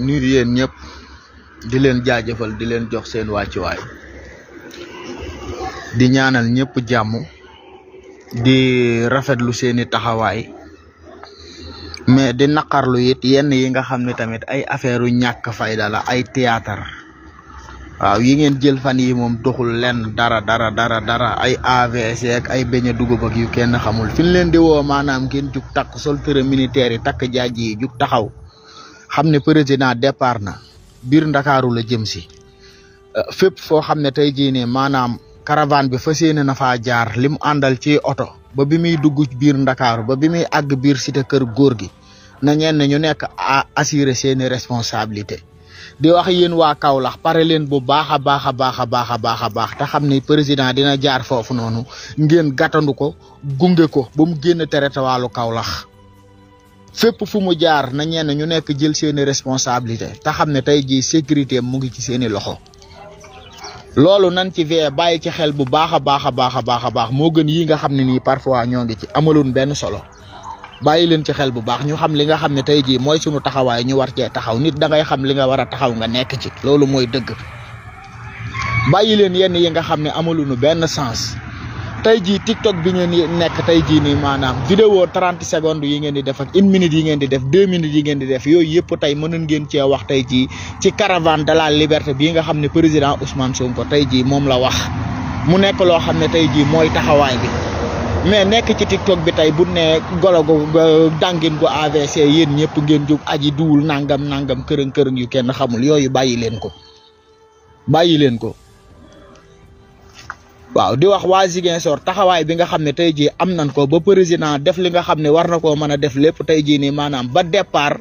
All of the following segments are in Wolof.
nuyu yéen ñëpp di leen jaajëfal di leen jox seen wàccuwaay di ñaanal ñëpp jàmm di rafetlu seeni taxawaay mais di naqarlu yit yenn yi nga xam ne tamit ay affaire yu ñàkk fayda la ay théâtre waaw yi ngeen jël fan yi moom doxul leen dara dara dara dara ay AVC ak ay beñ a dugub ak yu kenn xamul fi ñu leen di woo maanaam ngeen jug takk soltére militaire yi takk jaaj yi jug taxaw xam ne président départ na biir ndakaaru la jëm si euh, fépp foo xam ne tey jii ne maanaam caravane bi fa yéene na faa jaar li mu àndal ci oto ba bi muy dugg biir ndakaaru ba bi muy àgg biir cité kër góor gi na ñenn ñu nekk à assurer seeni responsabilité di wax yéen waa Kaolack pare leen bu baax a baax a baax a baax a baax a baax te xam ne président dina jaar foofu noonu ngeen gàttandu ko gunge ko ba mu génn teretawalu Kaolack fépp fu mu jaar na ñenn ñu nekk jël seeni responsabilité te xam ne tey jii sécurité mu ngi ci seeni loxo loolu nan ci vee bàyyi ci xel bu baax a baax a baax a baax a baax moo gën yi nga xam ne nii parfois ñoo ngi ci amaloon benn solo bàyyi leen ci xel bu baax ñu xam li nga xam ne tey jii mooy sunu taxawaay ñu war cee taxaw nit dangay xam li nga war a taxaw nga nekk ci loolu mooy dëgg bàyyi leen yenn yi nga xam ne amaluñu benn sens tay ji tiktok bi ngeen di nekk tey mana nii maanaam vidéo trente secondes yi ngeen di def ak 1 minute yi ngeen di def 2 minutes yi ngeen di def yoy yëpp tay mënoon ngeen ci wax tay ji ci caravane de la liberté bi nga xam ne président Ousmane Sonko tay ji mom la wax mu nekk lo tay ji moy taxaway bi mais nekk ci tiktok bi tay bu ne golo go dangin go AVC yeen ñepp ngeen juk aji duul nangam nangam kërëng kërëng yu kenn xamul yoy bayi leen ko bàyyi ko. waaw di wax waa Ziguinchor taxawaay bi nga xam ne tey jii am nañ ko ba président def li nga xam ne war na koo mën a def lépp tey jii nii maanaam ba départ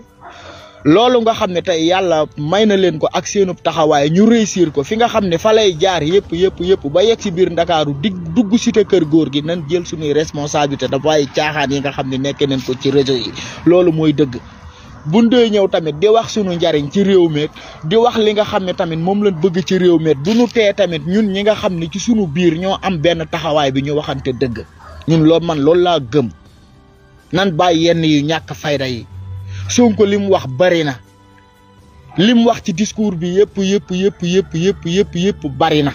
loolu nga xam ne tey yàlla may na leen ko ak seenub taxawaay ñu réussir ko fi nga xam ne fa lay jaar yëpp yëpp yëpp ba yegg si biir ndakaaru digg dugg si te kër góor gi nan jël suñuy responsabilité waaye caaxaan yi nga xam ne nekke nañ ko ci réseau yi loolu mooy dëgg buñ dee ñëw tamit di wax sunu njariñ ci réew mi di wax li nga xam ne tamit moom lañ bëgg ci réew mi du ñu tee tamit ñun ñi nga xam ne ci suñu biir ñoo am benn taxawaay bi ñu waxante dëgg ñun loolu man loolu laa gëm nan bàyyi yenn yi ñàkk fayda yi Sonko li mu wax bari na li mu wax ci discours bi yëpp yëpp yëpp yëpp yëpp yëpp yëpp bari na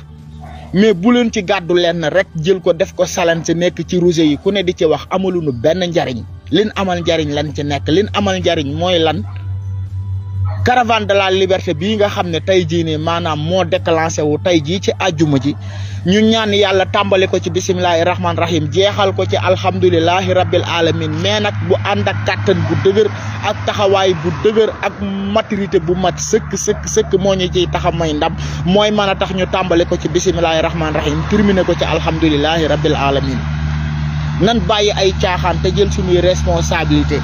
mais bu leen ci gàddu lenn rek jël ko def ko salan si nekk ci rosée yi ku ne di ci wax amaluñu benn njariñ lin amal njariñ lan ci nekk liin amal njariñ mooy lan caravane de la liberté bii nga xam ne tey jii nii maanaam moo déclenché wu tey jii ci àjjuma ji ñu ñaan yàlla tàmbali ko ci bisimilahi rahmaani rahim jeexal ko ci alhamdulilahi rabbil alamin mais nag bu ànd ak kàttan bu dëgër ak taxawaay bu dëgër ak maturité bu mat sëkk sëkk sëkk moo ñu ciy taxa may ndam mooy mën a tax ñu tàmbali ko ci bisimilahi rahmaani rahim terminé ko ci alhamdulilahi rabbil alamin nan bàyyi ay caaxaan te jël suñuy responsabilité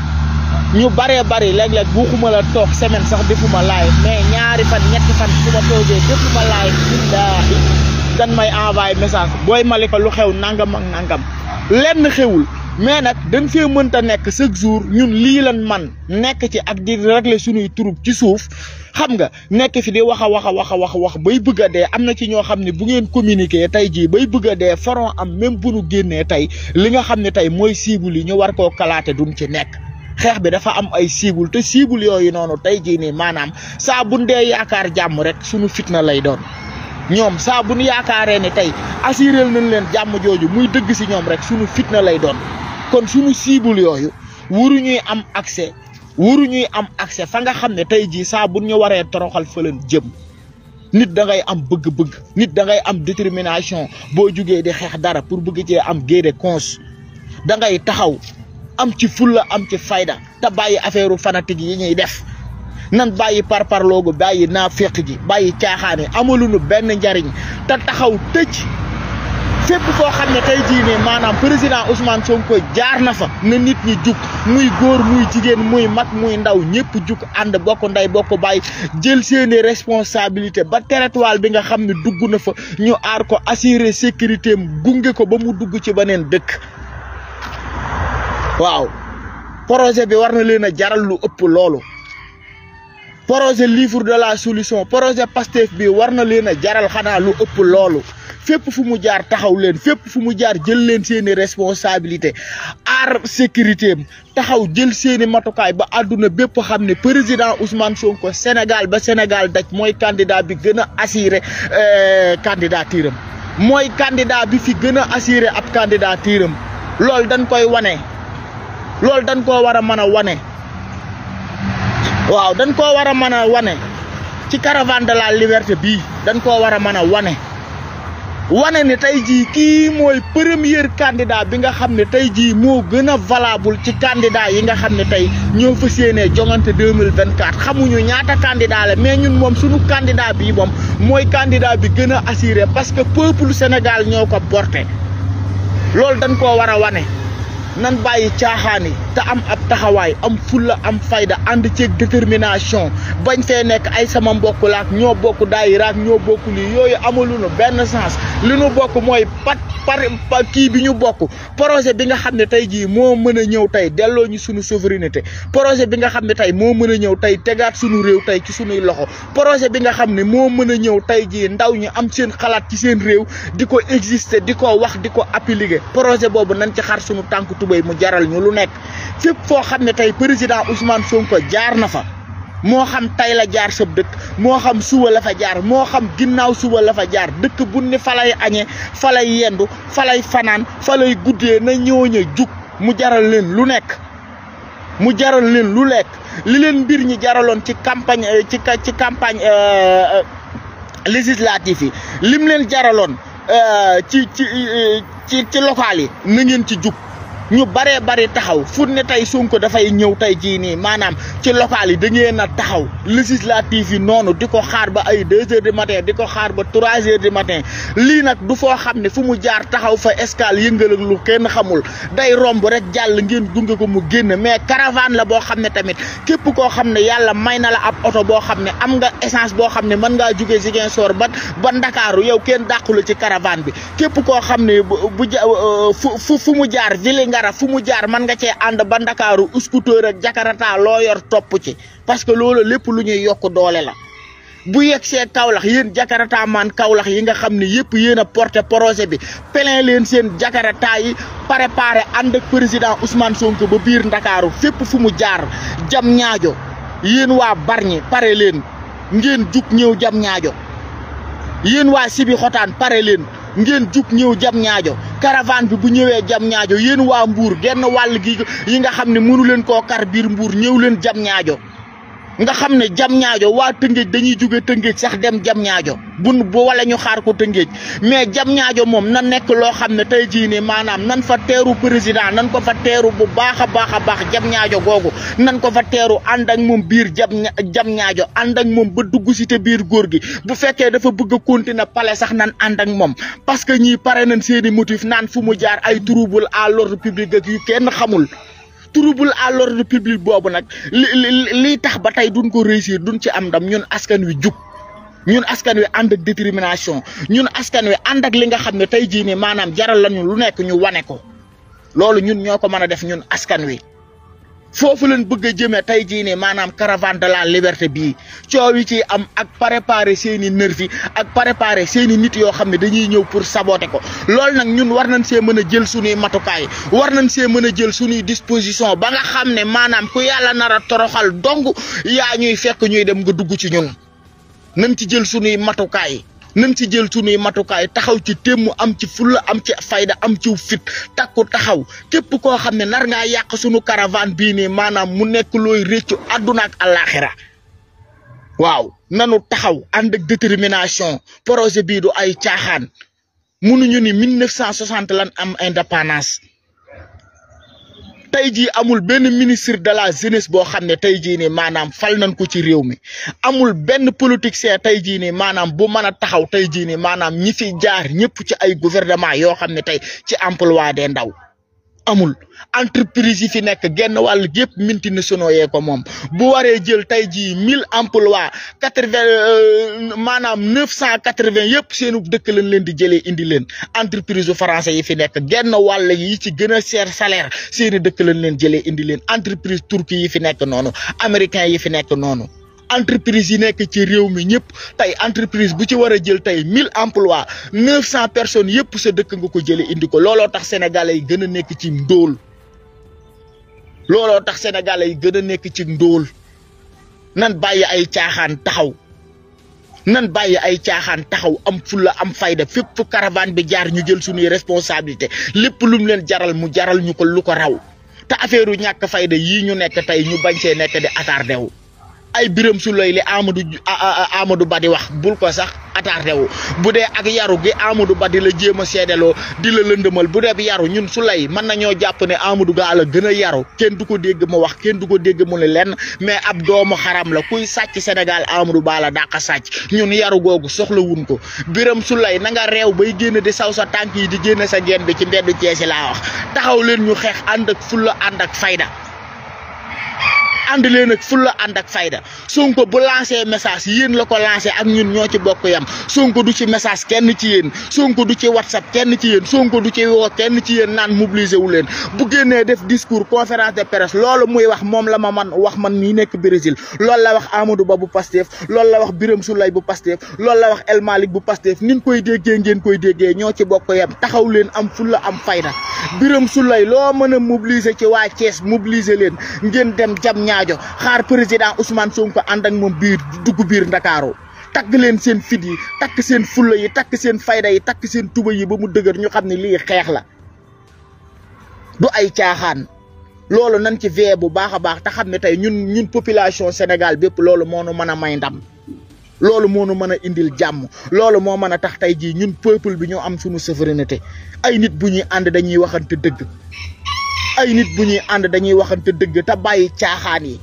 ñu baree bari léeg-léeg buuxuma la toog semaine sax defuma laay mais ñaari fan ñetti fan su ma toogee defuma laay billaahi dan may envoyé message booy malika lu xew nangam ak nangam lenn xewul mais nag dañ fee mënta nekk chaque jour ñun lii lan man nekk ci ak di régler suñuy turub ci suuf xam nga nekk fi di wax a wax a wax wax wax bay bëgg a dee am na ci ñoo xam ne bu ngeen communiquer tey jii bay bëgg dee faron am même bu nu génnee tey li nga xam ne tey mooy cible yi ñu war koo kalaate duñ ci nekk xeex bi dafa am ay cible te cible yooyu noonu tey jii nii maanaam saa bu dee yaakaar jàmm rek suñu fitna lay doon ñoom saa bu nu yaakaaree ne tey assuré nañ jàmm jooju muy dëgg si ñoom rek suñu fitna lay doon. kon suñu cible yooyu waruñuy am accès waruñuy am accès fa nga xam ne tey jii saa bu ñu waree toroxal fëlan jëm nit da ngay am bëgg-bëgg nit da ngay am détermination boo jugee di xeex dara pour bëgg cee am géede conse da ngay taxaw am ci fulla am ci fayda te bàyyi affaire fanatique yi ñuy def nan bàyyi parparloogu bàyyi naaféq ji bàyyi caaxaane amaluñu benn njariñ te taxaw tëj fépp foo xam ne tay jii maanaam président Ousmane Sonko jaar na fa na nit ñi jug muy góor muy jigéen muy mag muy ndaw ñëpp jug ànd bokk ndey bokk bàyyi jël seeni responsabilité ba territoire bi nga xam ne dugg na fa ñu aar ko assurer sécurité am gunge ko ba mu dugg ci beneen dëkk waaw projet bi war na leen a jaral lu ëpp loolu projet livre de la solution projet Pastef bi war na leen a jaral xanaa lu ëpp loolu fépp fu mu jaar taxaw leen fépp fu mu jaar jël leen seeni responsabilité aar sécurité taxaw jël seeni matukaay ba àdduna bépp xam ne président Ousmane Sonko Sénégal ba Sénégal daj mooy candidat bi gën a assuré euh, candidature am mooy candidat bi fi gën a assuré ab candidature am loolu dañ koy wane loolu dañ koo war a mën a wane. waaw dañ koo war a mën a wane ci caravane de la liberté bii dañ koo war a mën a wane wane ne tey jii kii mooy premier candidat bi nga xam ne tey jii moo gën a valable ci candidat yi nga xam ne tey ñoo fas yéenee jongante 2024 xamuñu ñaata candidat la mais ñun moom suñu candidat bii moom mooy candidat bi gën a assuré parce que peuple Sénégal ñoo ko porté loolu dañ koo war a wane nan bàyyi caaxaan yi te am ab taxawaay am fulla am fayda ànd ceeg détermination bañ fee nekk ay sama mbokk laak ñoo bokk daayiraak ñoo bokk lii yooyu amulunu benn sens li nu bokk mooy pat par kii bi ñu bokk projet bi nga xam ne tey jii moo mën a ñëw tey delloo ñu sunu souveraineté projet bi nga xam ne tey moo mën a ñëw tey tegaat suñu réew tey ci sunuy loxo projet bi nga xam ne moo mën a ñëw tey jii ndaw ñi am seen xalaat ci seen réew di ko exister di ko wax di ko appliquer projet boobu nañ ci xar suñu tànk tubéy mu jaral ñu lu nekk fépp foo xam ne tey président Ousmane Sonko jaar na fa moo xam tey la jaar sab dëkk moo xam suba la fa jaar moo xam ginnaaw suba la fa jaar dëkk bu ne fa lay añee yendu falay fanaan fa lay guddee na ñooñ a mu jaral leen lu nekk mu jaral leen lu lekk li leen mbir ñi jaraloon ci campagne eh, ci ci campagne eh, eh, législative yi lim leen jaraloon ci ci ci ci local yi na ngeen ci jug ñu baree bari taxaw fu ne tey ko dafay ñëw tey jii nii maanaam ci local yi da ngeen a taxaw législative yi noonu di ko xaar ba ay deux heures du matin di ko xaar ba trois heures du matin lii nag du foo xam ne fu mu jaar taxaw fa escale yëngal lu kenn xamul day romb rek jàll ngeen gunge ko mu génn mais caravane la boo xam ne tamit képp koo xam ne yàlla may na la ab oto boo xam ne am nga essence boo xam ne mën ngaa jugee Ziguinchor ba ba Ndakaaru yow kenn dàqu ci caravane bi képp euh, mu jaar dara fumujar jaar man nga ci and ba dakaru scooter ak jakarata lo yor top ci parce que lolo lepp lu ñuy doole la bu yegg see kaolax yéen man kaolax yi nga xamni yep yeena porter projet bi plein len sen jakarta yi préparer and ak président ousmane sonko ba bir dakaru fépp fumu jaar jam ñaajo yeen wa barñi paré len ngeen juk ñew jam ñaajo yeen wa sibi xotaan paré len ngeen jug ñëw jam ñaajo caravane bi bu ñëwee jam ñaajo yéen waa mbuur genn wàll gi yi nga xam ne mënu leen koo kar biir mbuur ñëw leen jam ñaajo nga xam ne jam ñaajo waa tëngéej dañuy jóge tëngéej sax dem jam ñaajo bun bu wala ñu xaar ko tëngéej mais jam ñaajo moom na nekk loo xam ne tey jii nii maanaam nan fa teeru président nan ko fa teeru bu baax a baax a baax jam ñaajo googu nan ko fa teeru ànd ak moom biir jam jam ñaajo ànd ak moom ba dugg si te biir góor gi bu fekkee dafa bëgg a continuer pale sax nan ànd moom parce que ñii pare nañ seeni motif naan fu mu jaar ay trouble à l'ordre public ak yu kenn xamul trouble à l'ordre public boobu nag li li tax ba tey duñ ko réussir duñ ci am ndam ñun askan wi jub ñun askan wi ànd ak détermination ñun askan wi ànd ak li nga xam ne tey jii nii maanaam jaral lañu lu nekk ñu wane ko loolu ñun ñoo ko mën a def ñun askan wi. foofu leen bëgg a jëmee tey jii ne maanaam caravane de la liberté bii coow yi ciy am ak préparer seen i nervi ak préparer seeni nit yoo xam ne dañuy ñëw pour saboter ko loolu nag ñun war nañ see mën a jël suñuy matukaay war nañ see mën a jël suñuy disposition ba nga xam ne maanaam ku yàlla nar a toroxal dong yaa ñuy fekk ñuy dem nga dugg ci ñun nañ ci jël suñuy matukaay nañ ci jël sunuy matukaay taxaw ci témm am ci fulla am ci fayda am ci fit takku taxaw képp koo xam ne nar ngaa yàq sunu caravane bii nii maanaam mu nekk looy réccu àdduna ak waaw nanu taxaw ànd ak détermination projet bii du ay caaxaan mënuñu ni 1960 lan am indépendance tey jii amul benn ministre de la jeunesse boo xam ne tey jii ni maanaam fal nañ ko ci réew mi amul benn politicien tey jii nii maanaam bu mën a taxaw tey jii nii maanaam ñi fi jaar ñëpp ci ay gouvernement yoo xam ne tey ci emploi des ndaw amul. entreprise yi fi nekk genn wàll yëpp multinationaux yee ko moom bu waree jël tey jii mille emplois quatre vingt euh, maanaam neuf cent quatre vingt yëpp seenu dëkk lañ leen di jëlee indi leen entreprise yu français yi fi nekk genn wàll yi ci gën a cher salaire seeni dëkk lañ leen jëlee indi leen entreprise turque yi fi nekk noonu américain yi fi nekk noonu. entreprise yi nekk ci réew mi ñëpp tey entreprise bu ci war a jël tey mille emplois neuf cent personnes yëpp sa dëkk nga ko jëlee indi ko looloo tax sénégalais yi gën a nekk ci ndóol. looloo tax sénégalais yi gën a nekk ci ndóol nan bàyyi ay caaxaan taxaw nan bàyyi ay caaxaan taxaw am fulla am fayda fépp fu caravane bi jaar ñu jël suñuy responsabilité lépp lum leen jaral mu jaral ñu ko lu ko raw te affaire yu ñàkk fayda yii ñu nekk tey ñu bañ see nekk di attardé wu. ay biram su looy li Amadou Amadou Ba di wax bul ko sax attardé wu bu dee ak yaru gi amadu Ba la jéem a seedeloo di la lëndëmal bu dee yaru ñun su lay mën nañoo jàpp ne Amadou Ba la gën a yaru kenn du ko dégg mu wax kenn du ko dégg mu ne lenn mais ab doomu xaram la kuy sàcc Sénégal Amadou Ba la dàq sàcc ñun yaru googu soxla wun ko biram su lay na nga réew bay génne di saw sa tànk yi di génn sa geen bi ci mbeddu Cees laa wax taxaw leen ñu xeex ànd ak fulla ànd ak fayda ànd leen ak fulla ànd ak fayda Sonko lancé message yéen la ko lancé ak ñun ñoo ci bokk yam Sonko du ci message kenn ci yéen Sonko du ci whatsapp kenn ci yéen Sonko du ci woo kenn ci yéen naan mobiliser wu leen bu génnee def discours conférence de presse loolu muy wax moom la ma man wax man mii nekk Brésil lool la wax Amadou Ba bu Pastef loolu la wax Birame Souleye bu Pastef lool la wax El Malick bu Pastef nin koy déggee ngeen koy déggee ñoo ci bokk yam taxaw leen am fulla am fayda Birame Souleye loo mën a mobiliser ci waa Thiès mobiliser leen ngeen dem jam aajo xaar président Ousmane Sonko ànd ak moom biir dugg biir Ndakaaru takk leen seen fit yi takk seen fulla yi takk seen fayda yi takk seen tuba yi ba mu dëgër ñu xam ne lii xeex la du ay caaxaan loolu nañ ci vee bu baax a baax te xam ne tey ñun ñun population Sénégal bépp loolu moo nu mën a may ndam loolu moo nu mën a indil jàmm loolu moo mën a tax tey jii ñun peuple bi ñoo am suñu souveraineté ay nit bu ñuy ànd dañuy waxante dëgg ay nit bu ñuy ànd dañuy waxante dëgg te bàyyi caaxaan yi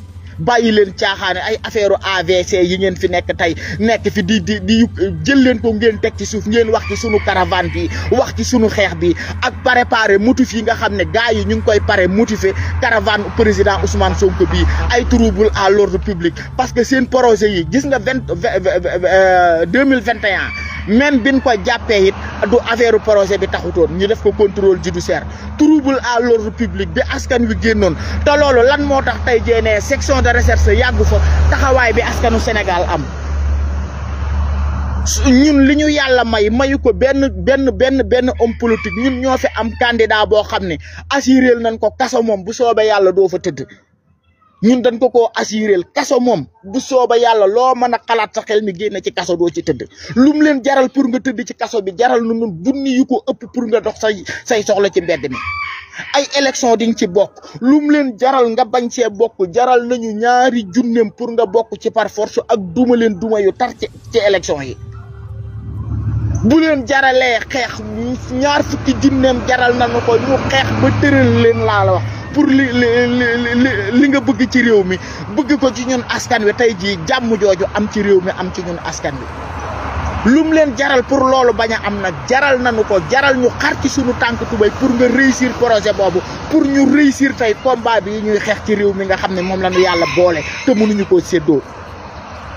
bàyyi leen caaxaan ay affaire AVC yi ngeen fi nekk tey nekk fi di di di jël leen ko ngeen teg ci suuf ngeen wax ci sunu caravane bi wax ci sunu xeex bi ak préparer motif yi nga xam ne gars yi ñu ngi koy pare motiver caravane président Ousmane sonk bi ay trouble à l'ordre public parce que seen projet yi gis nga vingt euh, deux mille vingt et un même bin ko jàppee it du affaire projet bi taxutoon ñu def ko contrôle judiciaire trouble à l'ordre public bi askan wi génnoon te loolu lan moo tax tey jii section de recherche yàgg fa taxawaay bi askanu Sénégal am. ñun li ñu yàlla may mayu ko benn benn benn benn homme politique ñun ñoo fi am candidat boo xam ne assuré nañ ko kaso moom bu soobee yàlla doo fa tëdd. ñun dañ ko koo assuréel kaso moom du sooba yàlla loo mën a xalaat sa mi génne ci kaso doo ci tëdd lum leen jaral pour nga tëdd ci kaso bi jaral nu nun junni yu ko ëpp pour nga dox say say soxla ci mbedd mi ay élection diñ ci bokk lum leen jaral nga bañ see bokk jaral nañu ñaari junneem pour nga bokk ci parforce ak duma leen duma yu tar ci ci élection yi bu leen jaralee xeex ñaar fukki junneem jaral nañu ko ñu xeex ba tëral leen laa la wax pour li li li li nga bëgg ci réew mi bëgg ko ci ñun askan wi tey jii jàmm jooju am ci réew mi am ci ñun askan wi. lum leen jaral pour loolu bañ a am nag jaral na nañu ko jaral ñu xar ci suñu tànk tubéy pour nga réussir projet boobu pour ñu réussir tey combat bi ñuy xeex ci réew mi nga xam ne moom la ñu yàlla boole te mënuñu koo séddoo.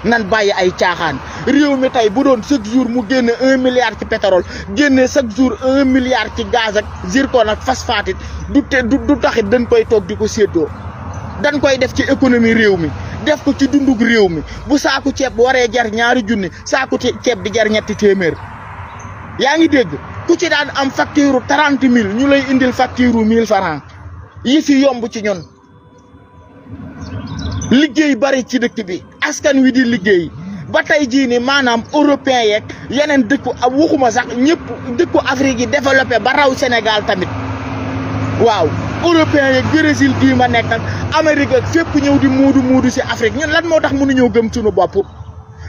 nan bàyyi ay caaxaan réew mi tey bu doon chaque jour mu génne un milliard ci pétrole génne chaque jour un milliard ci gaz ak zircon ak phosphate it du te taxit dañ koy toog di ko séddoo dañ koy def ci économie réew mi def ko ci dundug réew mi bu saaku ceeb waree jar ñaari junni saaku ceeb di jar ñetti téeméer yaa ngi dégg ku ci daan am facture trente mille ñu lay indil facture mille francs yi fi yomb ci ñun liggéey bari ci dëkk bi askan wi di liggéey ba tey jii ni maanaam européen yeeg yeneen dëkku ab waxuma sax ñëpp dëkku Afrique yi développé ba raw Sénégal tamit waaw européen yeeg Brésil bii ma nekk ak Amérique ak fépp ñëw di muudu muudu si Afrique ñun lan moo tax mënuñoo gëm sunu bopp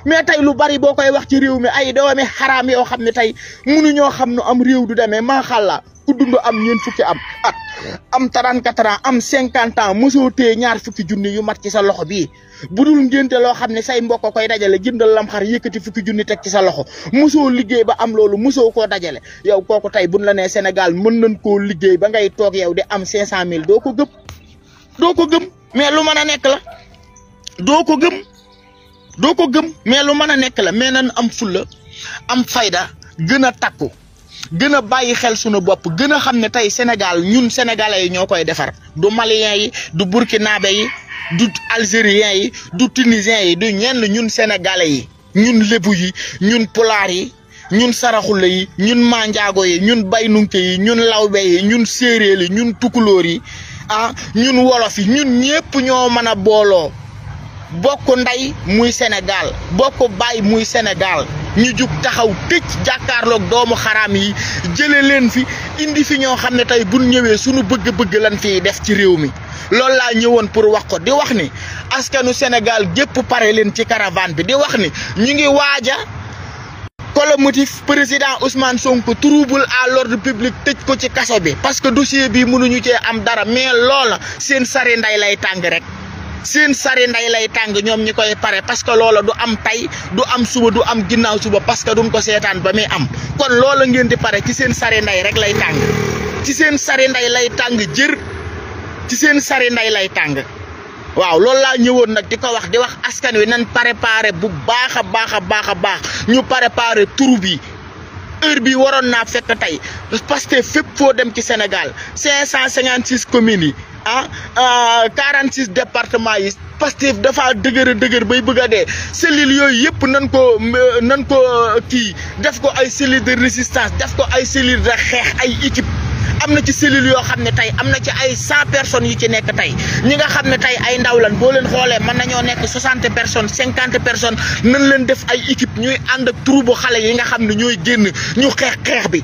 mais tey lu bari boo koy wax ci réew mi ay doomi xaraam yoo xam ne tey munu ñoo xam nu am réew du demee maaxàllaa ku dund am ñeen fukki am at am 34 ans am 50 ans mosoo téye ñaar fukki junni yu mat ci sa loxo bii bu dul ngénte loo xam ne say mbokk koy dajale jëndal lam xar yëkkati fukki junni teg ci sa loxo mosoo liggéey ba am loolu mosoo koo dajale yow kooku tey buñ la nee Sénégal mën nañ koo liggéey ba ngay toog yow di am 500000 cent mille doo ko gëm mais lu mën a nekk ko gëm. doo ko gëm mais lu mën a nekk la mais nan am fulla am fayda gën a takku gën a bàyyi xel sunu bopp gën a xam ne tey Sénégal ñun sénégalais yi ñoo koy defar du maliens yi du burkinabé yi du algériens yi du tunisiens yi du ñenn ñun sénégalais yi ñun lébu yi ñun pulaar yi ñun saraxula yi ñun manjaago yi ñun baynunke yi ñun lawbe yi ñun séeréer yi ñun tukulóor yi ah ñun wolof yi ñun ñépp ñoo mën a booloo bokk ndey muy Sénégal bokk bàyyi muy senegaal ñu jug taxaw tëj jàkkaarloog doomu xaraam yi jële leen fi indi fi ñoo xam ne tey buñ ñëwee suñu bëgg-bëgg lan fii def ci réew mi loolu laa ñëwoon pour wax ko di wax ni askanu Sénégal gépp pare leen ci caravane bi di wax ni ñu ngi waaja colomotif président Ousmane sonk trouble à l'ordre public tëj ko ci kaso bi parce que dossier bi mënuñu cee am dara mais loola seen sari nday lay tàng rek seen sari nday lay tàng ñoom ñi koy pare parce que loola du am tay du am suba du am ginnaaw suba parce que duñ ko seetaan ba muy am kon loola ngeen di pare ci seen sari nday rek lay tàng ci seen sari nday lay tàng jër ci seen sari nday lay tàng waaw loolu laa ñëwoon nag di ko wax di wax askan wi nan préparé bu baax a baax a baax a baax ñu préparé tur bi heure bi waroon naa fekk tey parce que fépp foo dem ci Sénégal 556 communes yi. ah, ah quarante six département yi Pastef dafa dëgër dëgër bay bëgg a dee cellules yooyu yëpp nan ko euh, nan ko euh, kii def ko ay cellules de résistance def ko ay cellules de xeex ay équipe am na ci cellule yoo xam ne tey am na ci ay cent personnes yu ci nekk tey ñi nga xam ne tey ay ndaw lan boo leen xoolee mën nañoo nekk soixante personnes cinquante personnes nan leen def ay équipe ñuy ànd ak troupe bu xale yi nga xam ne ñooy génn ñu xeex xeex bi